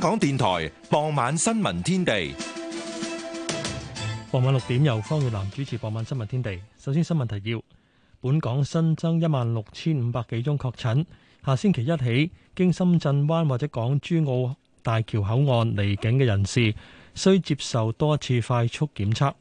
香港電台傍晚新聞天地，傍晚六點由方月南主持。傍晚新聞天，天地，首先新聞提要：本港新增一萬六千五百幾宗確診，下星期一起經深圳灣或者港珠澳大橋口岸離境嘅人士，需接受多次快速檢測。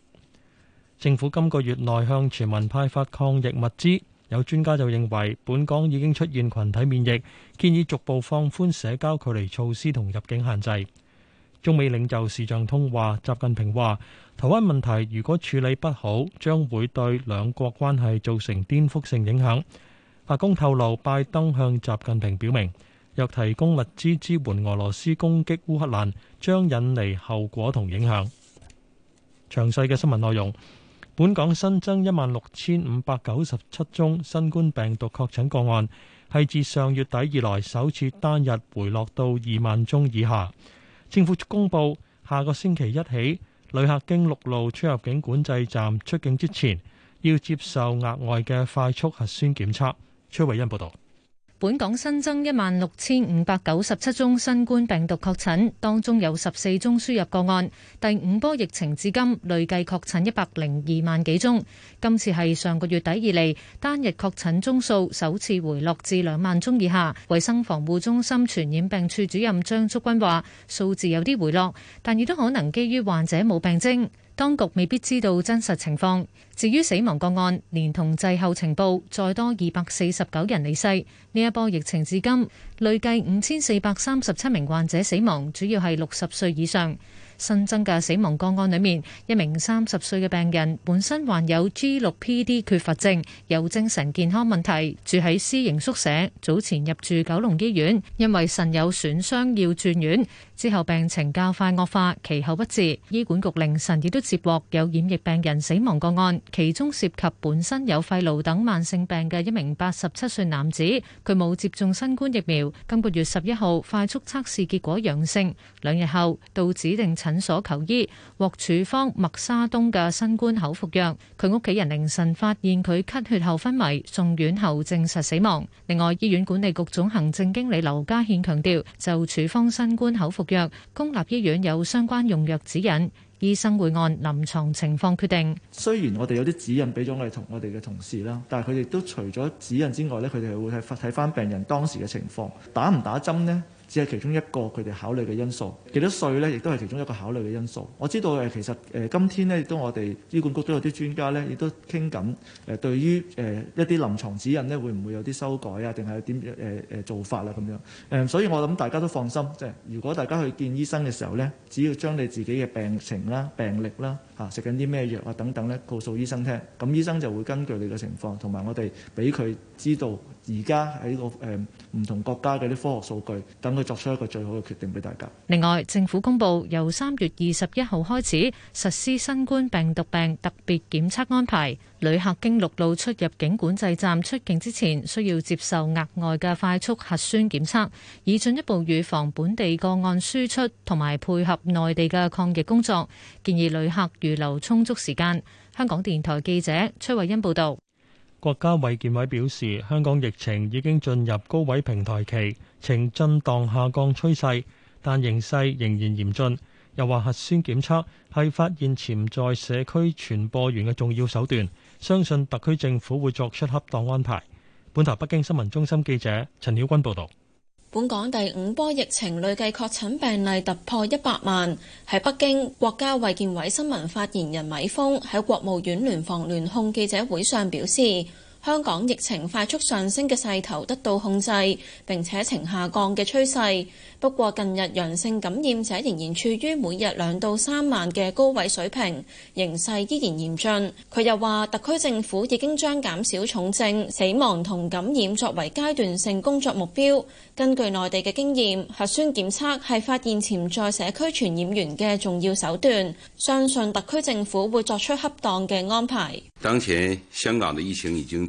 政府今個月內向全民派發抗疫物資。有專家就認為，本港已經出現羣體免疫，建議逐步放寬社交距離措施同入境限制。中美領袖視像通話，習近平話：台灣問題如果處理不好，將會對兩國關係造成顛覆性影響。白宮透露，拜登向習近平表明，若提供物資支援俄羅斯攻擊烏克蘭，將引嚟後果同影響。詳細嘅新聞內容。本港新增一萬六千五百九十七宗新冠病毒確診個案，係自上月底以來首次單日回落到二萬宗以下。政府公布，下個星期一起，旅客經陸路出入境管制站出境之前，要接受額外嘅快速核酸檢測。崔偉恩報道。本港新增一萬六千五百九十七宗新冠病毒確診，當中有十四宗輸入個案。第五波疫情至今累計確診一百零二萬幾宗，今次係上個月底以嚟單日確診宗數首次回落至兩萬宗以下。衛生防護中心傳染病處主任張竹君話數字有啲回落，但亦都可能基於患者冇病徵。當局未必知道真實情況。至於死亡個案，連同滯後情報，再多二百四十九人離世。呢一波疫情至今，累計五千四百三十七名患者死亡，主要係六十歲以上。新增嘅死亡個案裏面，一名三十歲嘅病人本身患有 G 六 PD 缺乏症，有精神健康問題，住喺私營宿舍。早前入住九龍醫院，因為腎有損傷要轉院，之後病情較快惡化，其後不治。醫管局凌晨亦都接獲有染疫病人死亡個案，其中涉及本身有肺癆等慢性病嘅一名八十七歲男子，佢冇接種新冠疫苗，今個月十一號快速測試結果陽性，兩日後到指定診所求醫獲處方默沙東嘅新冠口服藥，佢屋企人凌晨發現佢咳血後昏迷，送院後證實死亡。另外，醫院管理局總行政經理劉家憲強調，就處方新冠口服藥，公立醫院有相關用藥指引，醫生會按臨床情況決定。雖然我哋有啲指引俾咗我哋同我哋嘅同事啦，但係佢哋都除咗指引之外呢，佢哋係會睇睇翻病人當時嘅情況，打唔打針呢？只係其中一個佢哋考慮嘅因素，幾多歲咧，亦都係其中一個考慮嘅因素。我知道誒，其實誒、呃，今天咧亦都我哋醫管局都有啲專家咧，亦都傾緊誒，對於誒、呃、一啲臨床指引咧，會唔會有啲修改啊？定係有點誒誒、呃、做法啦、啊、咁樣誒、呃，所以我諗大家都放心，即、就、係、是、如果大家去見醫生嘅時候咧，只要將你自己嘅病情啦、啊、病歷啦、啊。啊！食緊啲咩藥啊？等等咧，告訴醫生聽。咁醫生就會根據你嘅情況，同埋我哋俾佢知道而家喺個誒唔同國家嘅啲科學數據，等佢作出一個最好嘅決定俾大家。另外，政府公布由三月二十一號開始實施新冠病毒病特別檢測安排。旅客經陸路出入境管制站出境之前，需要接受額外嘅快速核酸檢測，以進一步預防本地個案輸出同埋配合內地嘅抗疫工作。建議旅客預留充足時間。香港電台記者崔慧欣報道。國家衛健委表示，香港疫情已經進入高位平台期，呈震盪下降趨勢，但形勢仍然嚴峻。又話核酸檢測係發現潛在社區傳播源嘅重要手段。相信特區政府會作出恰當安排。本台北京新聞中心記者陳曉君報道。本港第五波疫情累計確診病例突破一百萬。喺北京，國家衛健委新聞發言人米峰喺國務院聯防聯控記者會上表示。香港疫情快速上升嘅勢頭得到控制，並且呈下降嘅趨勢。不過近日陽性感染者仍然處於每日兩到三萬嘅高位水平，形勢依然嚴峻。佢又話，特區政府已經將減少重症、死亡同感染作為階段性工作目標。根據內地嘅經驗，核酸檢測係發現潛在社區傳染源嘅重要手段。相信特區政府會作出恰當嘅安排。當前香港嘅疫情已經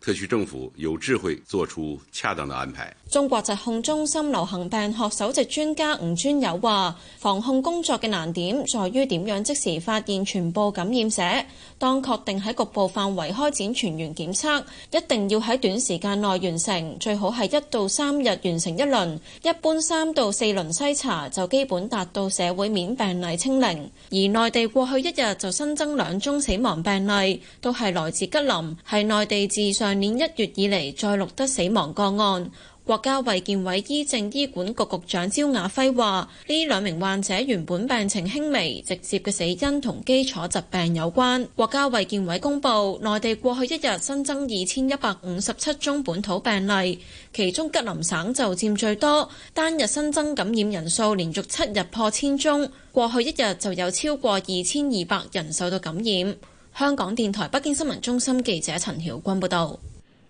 特區政府有智慧做出恰當的安排。中國疾控中心流行病學首席專家吳尊友話，防控工作嘅難點在於點樣即時發現全部感染者。當確定喺局部範圍開展全員檢測，一定要喺短時間內完成，最好係一到三日完成一輪，一般三到四輪篩查就基本達到社會面病例清零。而內地過去一日就新增兩宗死亡病例，都係來自吉林，係內地至上。1> 年一月以嚟再錄得死亡個案，國家衛健委醫政醫管局局長焦雅輝話：呢兩名患者原本病情輕微，直接嘅死因同基礎疾病有關。國家衛健委公佈，內地過去一日新增二千一百五十七宗本土病例，其中吉林省就佔最多，單日新增感染人數連續七日破千宗。過去一日就有超過二千二百人受到感染。香港電台北京新聞中心記者陳曉君報道。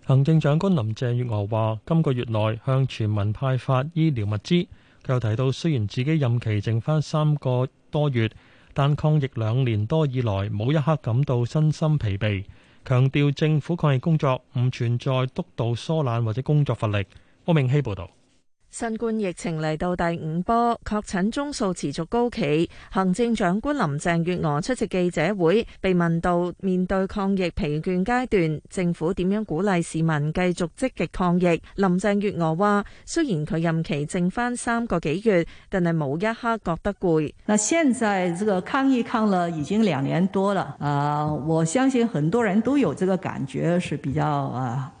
行政長官林鄭月娥話：今個月內向全民派發醫療物資。佢又提到，雖然自己任期剩返三個多月，但抗疫兩年多以來冇一刻感到身心疲憊。強調政府抗疫工作唔存在督導疏懶或者工作乏力。郭明希報導。新冠疫情嚟到第五波，確診宗數持續高企。行政長官林鄭月娥出席記者會，被問到面對抗疫疲倦階段，政府點樣鼓勵市民繼續積極抗疫？林鄭月娥話：雖然佢任期剩翻三個幾月，但係冇一刻覺得攰。嗱，現在這個抗疫抗了已經兩年多了，啊、uh，我相信很多人都有這個感覺，是比較啊。Uh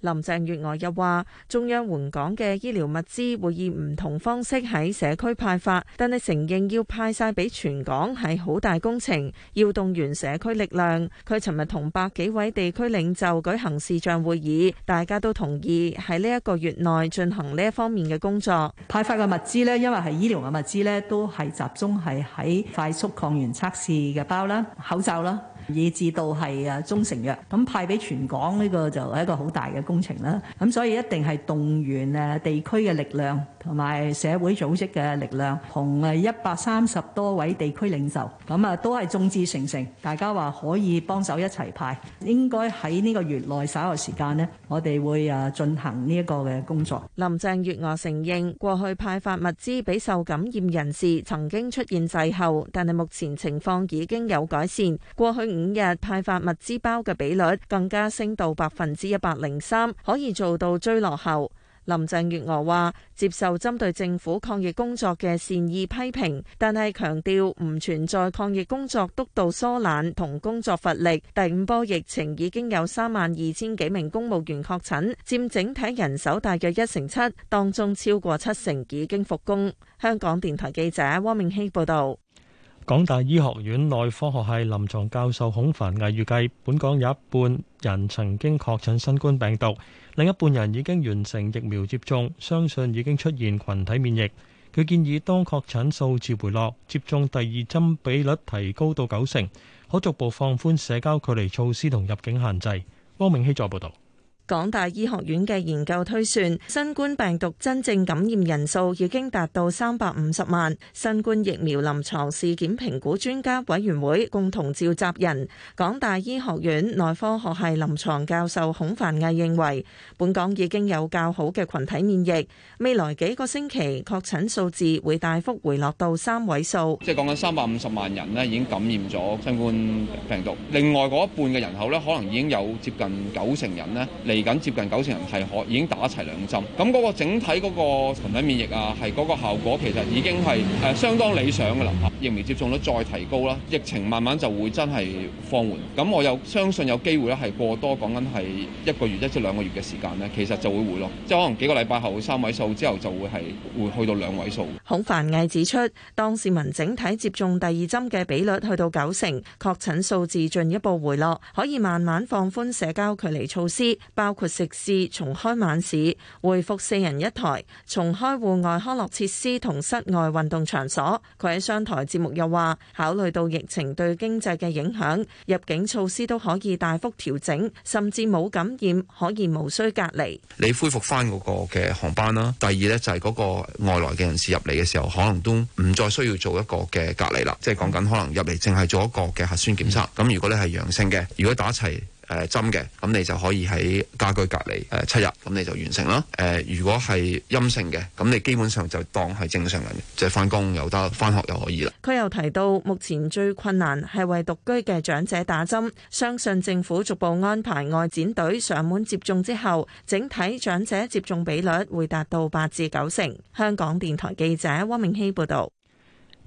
林鄭月娥又話，中央援港嘅醫療物資會以唔同方式喺社區派發，但係承認要派晒俾全港係好大工程，要動員社區力量。佢尋日同百幾位地區領袖舉行視像會議，大家都同意喺呢一個月內進行呢一方面嘅工作。派發嘅物資咧，因為係醫療嘅物資咧，都係集中係喺快速抗原測試嘅包啦，口罩啦。以至到係誒中成藥，咁派俾全港呢個就係一個好大嘅工程啦。咁所以一定係動員誒地區嘅力量同埋社會組織嘅力量，同誒一百三十多位地區領袖咁啊，都係眾志成城，大家話可以幫手一齊派。應該喺呢個月內稍後時間咧，我哋會誒進行呢一個嘅工作。林鄭月娥承認，過去派發物資俾受感染人士曾經出現滯後，但係目前情況已經有改善。過去五日派發物資包嘅比率更加升到百分之一百零三，可以做到追落後。林鄭月娥話：接受針對政府抗疫工作嘅善意批評，但係強調唔存在抗疫工作督導疏懶同工作乏力。第五波疫情已經有三萬二千幾名公務員確診，佔整體人手大約一成七，當中超過七成已經復工。香港電台記者汪明熙報導。港大醫學院內科學系臨床教授孔凡毅預計，本港有一半人曾經確診新冠病毒，另一半人已經完成疫苗接種，相信已經出現群體免疫。佢建議，當確診數字回落，接種第二針比率提高到九成，可逐步放寬社交距離措施同入境限制。汪明熙再報道。港大醫學院嘅研究推算，新冠病毒真正感染人數已經達到三百五十萬。新冠疫苗臨床事件評估專家委員會共同召集人、港大醫學院內科學系臨床教授孔繁毅認為，本港已經有較好嘅群體免疫，未來幾個星期確診數字會大幅回落到三位數。即係講緊三百五十萬人呢已經感染咗新冠病毒，另外嗰一半嘅人口咧，可能已經有接近九成人呢。而緊接近九成人係可已經打齊兩針，咁、那、嗰個整體嗰個群體免疫啊，係嗰個效果其實已經係誒相當理想㗎啦。疫苗接種率再提高啦，疫情慢慢就會真係放緩。咁我又相信有機會咧，係過多講緊係一個月一至兩個月嘅時間呢，其實就會回落，即係可能幾個禮拜後三位數之後就會係會去到兩位數。孔繁毅指出，當市民整體接種第二針嘅比率去到九成，確診數字進一步回落，可以慢慢放寬社交距離措施。包括食肆重開晚市，回復四人一台，重開戶外康樂設施同室外運動場所。佢喺商台節目又話，考慮到疫情對經濟嘅影響，入境措施都可以大幅調整，甚至冇感染可以無需隔離。你恢復翻嗰個嘅航班啦。第二咧就係嗰個外來嘅人士入嚟嘅時候，可能都唔再需要做一個嘅隔離啦。即係講緊可能入嚟淨係做一個嘅核酸檢測。咁、嗯、如果你係陽性嘅，如果打齊。誒針嘅，咁你就可以喺家居隔離誒七日，咁、呃、你就完成啦。誒、呃，如果係陰性嘅，咁你基本上就當係正常人，即係翻工又得，翻學又可以啦。佢又提到，目前最困難係為獨居嘅長者打針，相信政府逐步安排外展隊上門接種之後，整體長者接種比率會達到八至九成。香港電台記者汪明熙報導。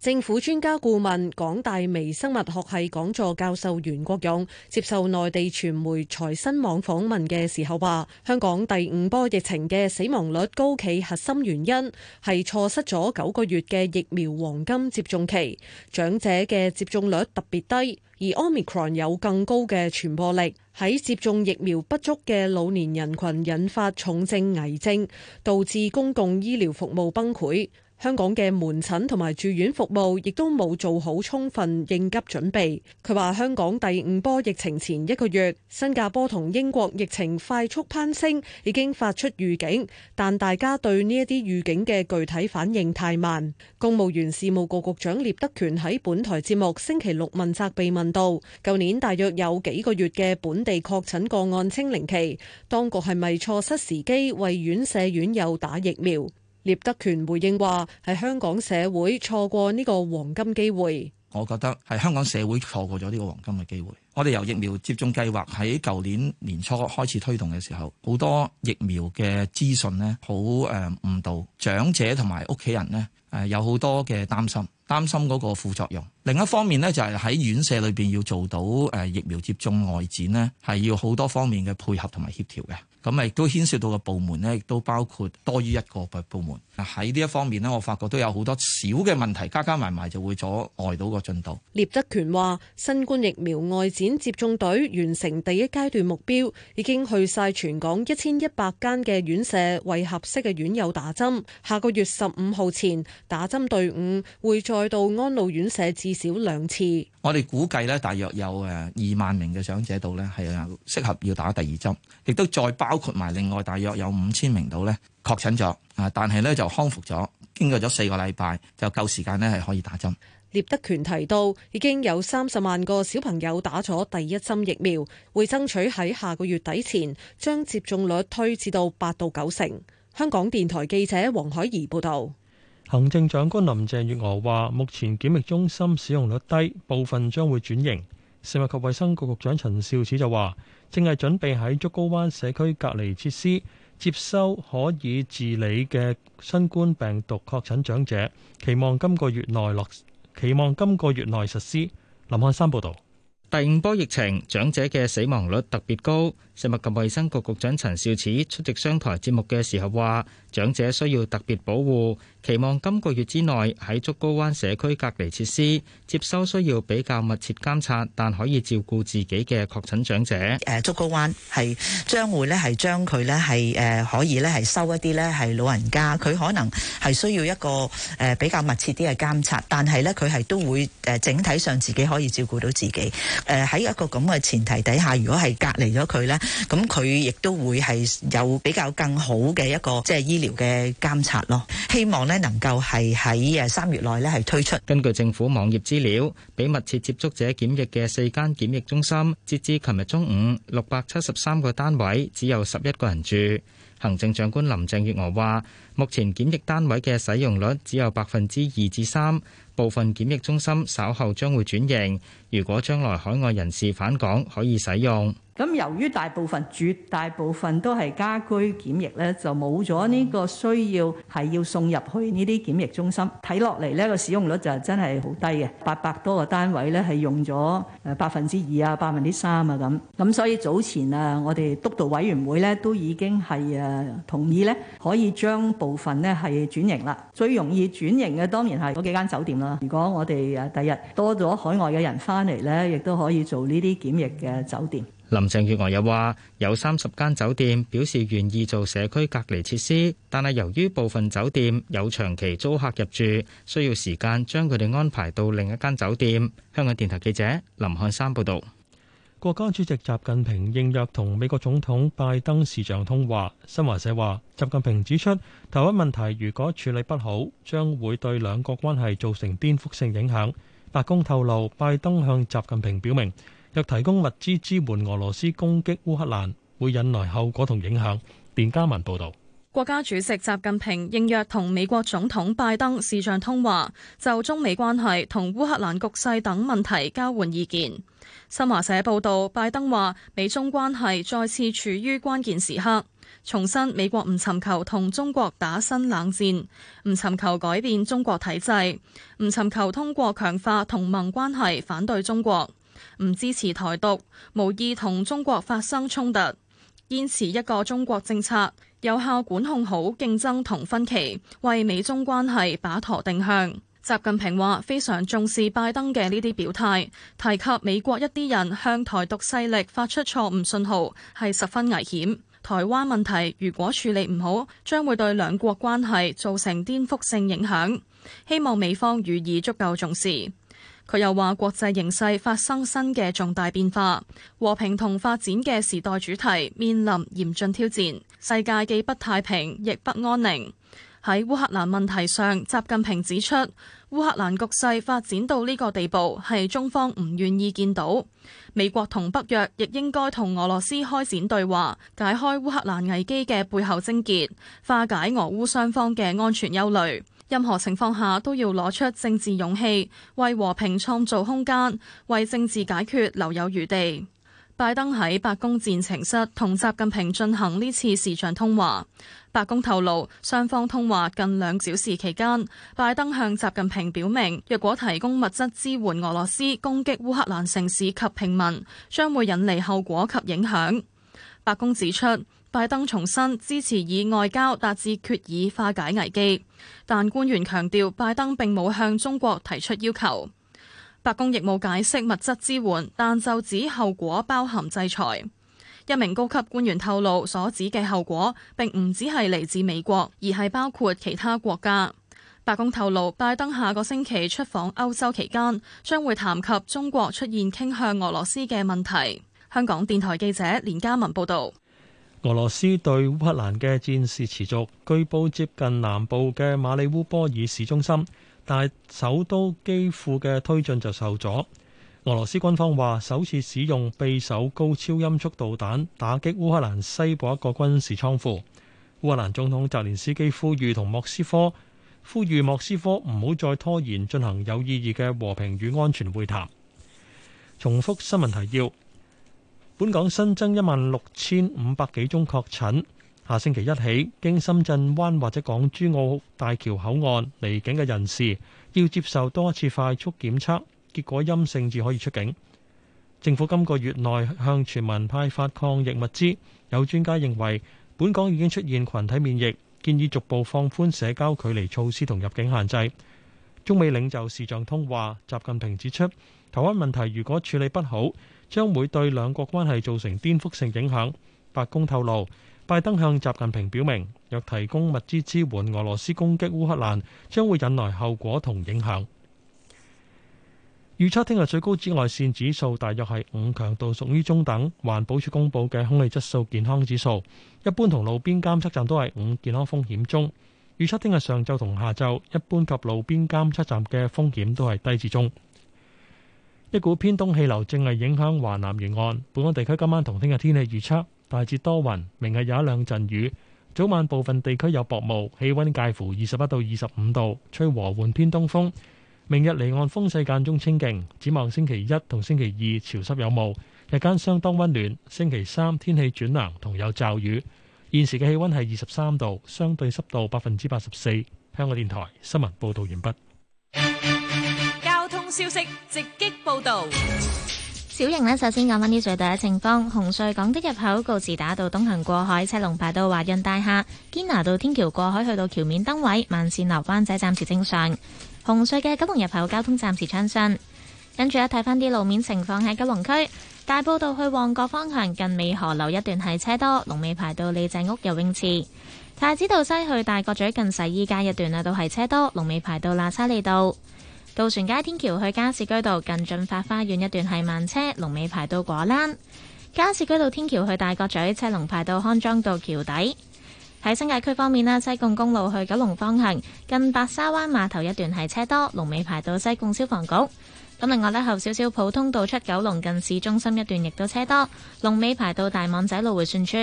政府專家顧問、港大微生物學系講座教授袁國勇接受內地傳媒財新網訪問嘅時候話：香港第五波疫情嘅死亡率高企，核心原因係錯失咗九個月嘅疫苗黃金接種期，長者嘅接種率特別低，而 Omicron 有更高嘅傳播力，喺接種疫苗不足嘅老年人群引發重症危症，導致公共醫療服務崩潰。香港嘅門診同埋住院服務亦都冇做好充分應急準備，佢話香港第五波疫情前一個月，新加坡同英國疫情快速攀升，已經發出預警，但大家對呢一啲預警嘅具體反應太慢。公務員事務局局長聶德權喺本台節目星期六問責被問到，舊年大約有幾個月嘅本地確診個案清零期，當局係咪錯失時機為院舍院友打疫苗？聶德權回應話：係香港社會錯過呢個黃金機會。我覺得係香港社會錯過咗呢個黃金嘅機會。我哋由疫苗接種計劃喺舊年年初開始推動嘅時候，好多疫苗嘅資訊咧，好誒誤導長者同埋屋企人咧，誒有好多嘅擔心。擔心嗰個副作用。另一方面咧，就係、是、喺院舍裏邊要做到誒、啊、疫苗接種外展咧，係要好多方面嘅配合同埋協調嘅。咁咪亦都牽涉到嘅部門咧，亦都包括多於一個部門。喺呢一方面咧，我發覺都有好多小嘅問題，加加埋埋就會阻礙到個進度。聶德權話，新冠疫苗外展接種隊完成第一階段目標，已經去晒全港一千一百間嘅院舍為合適嘅院友打針，下個月十五號前，打針隊伍會再。再到安老院舍至少兩次，我哋估計咧，大約有誒二萬名嘅長者度咧係適合要打第二針，亦都再包括埋另外大約有五千名度咧確診咗，啊，但係咧就康復咗，經過咗四個禮拜就夠時間咧係可以打針。聶德權提到，已經有三十萬個小朋友打咗第一針疫苗，會爭取喺下個月底前將接種率推至到八到九成。香港電台記者黃海怡報道。行政長官林鄭月娥話：目前檢疫中心使用率低，部分將會轉型。食物及衛生局局長陳肇始就話，正係準備喺竹篙灣社區隔離設施接收可以治理嘅新冠病毒確診長者，期望今個月內落期望今個月內實施。林漢山報導。第五波疫情，長者嘅死亡率特別高。食物及衛生局局長陳肇始出席商台節目嘅時候話，長者需要特別保護。期望今個月之內喺竹篙灣社區隔離設施接收需要比較密切監察，但可以照顧自己嘅確診長者。誒，竹篙灣係將會咧係將佢咧係誒可以咧係收一啲咧係老人家，佢可能係需要一個誒比較密切啲嘅監察，但係咧佢係都會誒整體上自己可以照顧到自己。誒，喺一個咁嘅前提底下，如果係隔離咗佢咧，咁佢亦都會係有比較更好嘅一個即係醫療嘅監察咯。希望咧能夠係喺誒三月內咧係推出。根據政府網頁資料，俾密切接觸者檢疫嘅四間檢疫中心，截至琴日中午六百七十三個單位，只有十一個人住。行政長官林鄭月娥話：目前檢疫單位嘅使用率只有百分之二至三，部分檢疫中心稍後將會轉型。如果將來海外人士返港可以使用，咁由於大部分絕大部分都係家居檢疫咧，就冇咗呢個需要係要送入去呢啲檢疫中心，睇落嚟呢個使用率就真係好低嘅，八百多個單位咧係用咗誒百分之二啊、百分之三啊咁，咁所以早前啊，我哋督導委員會咧都已經係誒同意咧，可以將部分咧係轉型啦。最容易轉型嘅當然係嗰幾間酒店啦。如果我哋誒第日多咗海外嘅人返，翻嚟呢，亦都可以做呢啲檢疫嘅酒店。林鄭月娥又話：有三十間酒店表示願意做社區隔離設施，但係由於部分酒店有長期租客入住，需要時間將佢哋安排到另一間酒店。香港電台記者林漢山報導。國家主席習近平應約同美國總統拜登視像通話。新華社話，習近平指出，台灣問題如果處理不好，將會對兩國關係造成顛覆性影響。白宮透露，拜登向習近平表明，若提供物資支援俄羅斯攻擊烏克蘭，會引來後果同影響連家文報道。國家主席習近平應約同美國總統拜登視像通話，就中美關係同烏克蘭局勢等問題交換意見。新華社報道，拜登話美中關係再次處於關鍵時刻。重申，美國唔尋求同中國打新冷戰，唔尋求改變中國體制，唔尋求通過強化同盟關係反對中國，唔支持台獨，無意同中國發生衝突，堅持一個中國政策，有效管控好競爭同分歧，為美中關係把舵定向。習近平話非常重視拜登嘅呢啲表態，提及美國一啲人向台獨勢力發出錯誤信號，係十分危險。台灣問題如果處理唔好，將會對兩國關係造成顛覆性影響。希望美方予以足夠重視。佢又話：國際形勢發生新嘅重大變化，和平同發展嘅時代主題面臨嚴峻挑戰，世界既不太平，亦不安寧。喺烏克蘭問題上，習近平指出，烏克蘭局勢發展到呢個地步，係中方唔願意見到。美國同北約亦應該同俄羅斯開展對話，解開烏克蘭危機嘅背後症結，化解俄烏雙方嘅安全憂慮。任何情況下都要攞出政治勇氣，為和平創造空間，為政治解決留有餘地。拜登喺白宮戰情室同習近平進行呢次視像通話。白宮透露，雙方通話近兩小時期間，拜登向習近平表明，若果提供物質支援俄羅斯攻擊烏克蘭城市及平民，將會引嚟後果及影響。白宮指出，拜登重申支持以外交達至決議化解危機，但官員強調，拜登並冇向中國提出要求。白宮亦冇解釋物質支援，但就指後果包含制裁。一名高級官員透露，所指嘅後果並唔只係嚟自美國，而係包括其他國家。白宮透露，拜登下個星期出訪歐洲期間，將會談及中國出現傾向俄羅斯嘅問題。香港電台記者連嘉文報導。俄羅斯對烏克蘭嘅戰事持續，據報接近南部嘅馬里烏波爾市中心。但首都基輔嘅推進就受阻。俄羅斯軍方話，首次使用匕首高超音速導彈打擊烏克蘭西部一個軍事倉庫。烏克蘭總統澤連斯基呼籲同莫斯科呼籲莫斯科唔好再拖延進行有意義嘅和平與安全會談。重複新聞提要：本港新增一萬六千五百幾宗確診。下星期一起，經深圳灣或者港珠澳大橋口岸離境嘅人士，要接受多一次快速檢測，結果陰性至可以出境。政府今個月內向全民派發抗疫物資。有專家認為，本港已經出現群體免疫，建議逐步放寬社交距離措施同入境限制。中美領袖視像通話，習近平指出，台灣問題如果處理不好，將會對兩國關係造成顛覆性影響。白宮透露，拜登向習近平表明，若提供物資支援俄羅斯攻擊烏克蘭，將會引來後果同影響。預測聽日最高紫外線指數大約係五，強度屬於中等。環保署公布嘅空氣質素健康指數，一般同路邊監測站都係五，健康風險中。預測聽日上晝同下晝，一般及路邊監測站嘅風險都係低至中。一股偏東氣流正係影響華南沿岸，本港地區今晚同聽日天氣預測。大致多雲，明日有一兩陣雨，早晚部分地區有薄霧，氣溫介乎二十一到二十五度，吹和緩偏東風。明日離岸風勢間中清勁，展望星期一同星期二潮濕有霧，日間相當温暖。星期三天氣轉冷同有驟雨。現時嘅氣溫係二十三度，相對濕度百分之八十四。香港電台新聞報道完畢。交通消息直擊報道。小型呢，首先講翻啲最大嘅情況。紅隧港島入口告士打道東行過海，車龍排到華潤大廈；堅拿道天橋過海去到橋面燈位，慢線流灣仔暫時正常。紅隧嘅九龍入口交通暫時暢順。跟住一睇翻啲路面情況喺九龍區，大埔道去旺角方向近尾河流一段係車多，龍尾排到李鄭屋游泳池；太子道西去大角咀近洗衣街一段啊，都係車多，龍尾排到喇沙利道。渡船街天橋去加士居道近駿發花園一段係慢車，龍尾排到果欄；加士居道天橋去大角咀，車龍排到康莊道橋底。喺新界區方面啦，西貢公路去九龍方向近白沙灣碼頭一段係車多，龍尾排到西貢消防局。咁另外呢，後少少，普通道出九龍近市中心一段亦都車多，龍尾排到大網仔路迴旋處。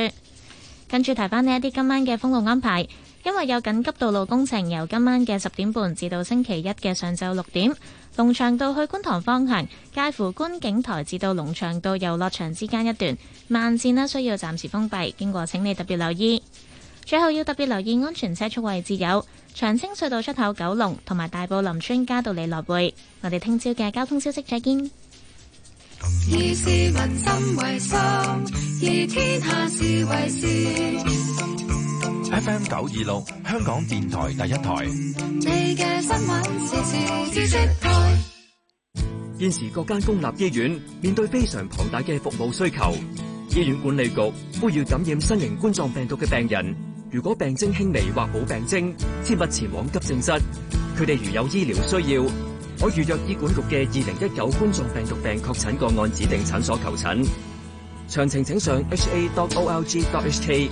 跟住提翻呢一啲今晚嘅封路安排。因為有緊急道路工程，由今晚嘅十點半，至到星期一嘅上晝六點，龍翔道去觀塘方向介乎觀景台至到龍翔道遊樂場之間一段慢線咧需要暫時封閉，經過請你特別留意。最後要特別留意安全車速位置有長青隧道出口九龍、九龍同埋大埔林村嘉道理樂會。我哋聽朝嘅交通消息再見。FM 九二六，香港電台第一台。現時各間公立醫院面對非常龐大嘅服務需求，醫院管理局呼籲感染新型冠狀病毒嘅病人，如果病徵輕微或冇病徵，切勿前往急症室。佢哋如有醫療需要，可預約醫管局嘅二零一九冠狀病毒病確診個案指定診所求診。詳情請上 ha.org.hk。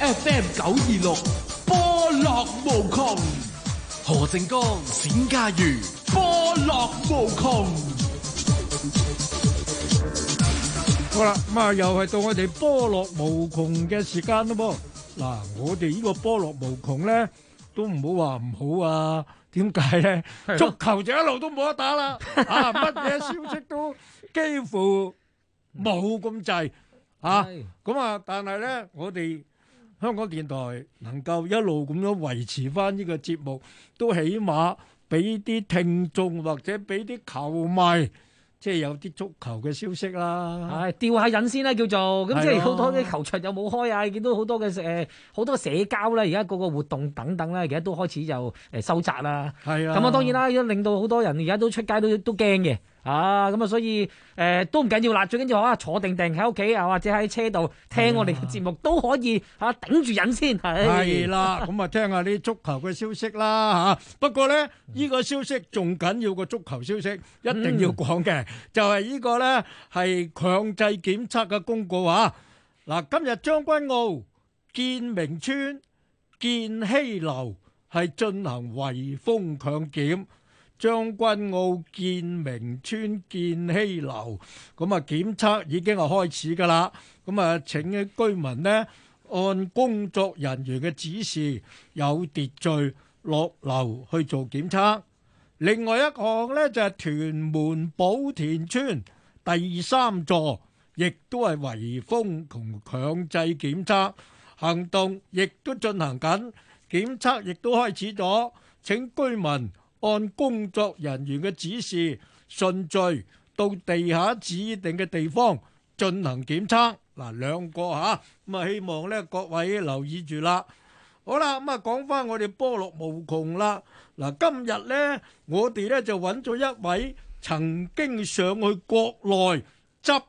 FM 九二六波樂無窮，何靖江冼家瑜波樂無窮，好啦，咁啊又係到我哋波樂無窮嘅時間啦噃。嗱，我哋呢個波樂無窮咧都唔好話唔好啊。點解咧？足球就一路都冇得打啦，啊乜嘢消息都幾乎冇咁滯啊！咁啊，但係咧我哋。香港電台能夠一路咁樣維持翻呢個節目，都起碼俾啲聽眾或者俾啲球迷，即係有啲足球嘅消息啦。係吊、哎、下癮先啦，啊，叫做咁、啊、即係好多啲球場又冇開啊，見到好多嘅誒好多社交啦，而家嗰個活動等等咧，而家都開始就誒收窄啦。係啊，咁啊當然啦，令到好多人而家都出街都都驚嘅。啊，咁啊，所以誒都唔緊要啦，最緊要啊坐定定喺屋企啊，或者喺車度聽我哋嘅節目都可以吓，頂住癮先係。係啦，咁啊聽下啲足球嘅消息啦吓。不過咧呢個消息仲緊要過足球消息，一定要講嘅就係呢個咧係強制檢測嘅公告啊。嗱，今日將軍澳建明邨建熙樓係進行圍封強檢。將軍澳建明村建熙樓咁啊，檢測已經係開始㗎喇。咁啊，請居民呢，按工作人員嘅指示有秩序落樓去做檢測。另外一項呢，就係屯門寶田村第三座，亦都係圍封同強制檢測行動，亦都進行緊，檢測亦都開始咗，請居民，按工作人員嘅指示順序到地下指定嘅地方進行檢測。嗱，兩個嚇，咁啊，希望咧各位留意住啦。好啦，咁啊，講翻我哋波落無窮啦。嗱，今日咧我哋咧就揾咗一位曾經上去國內執。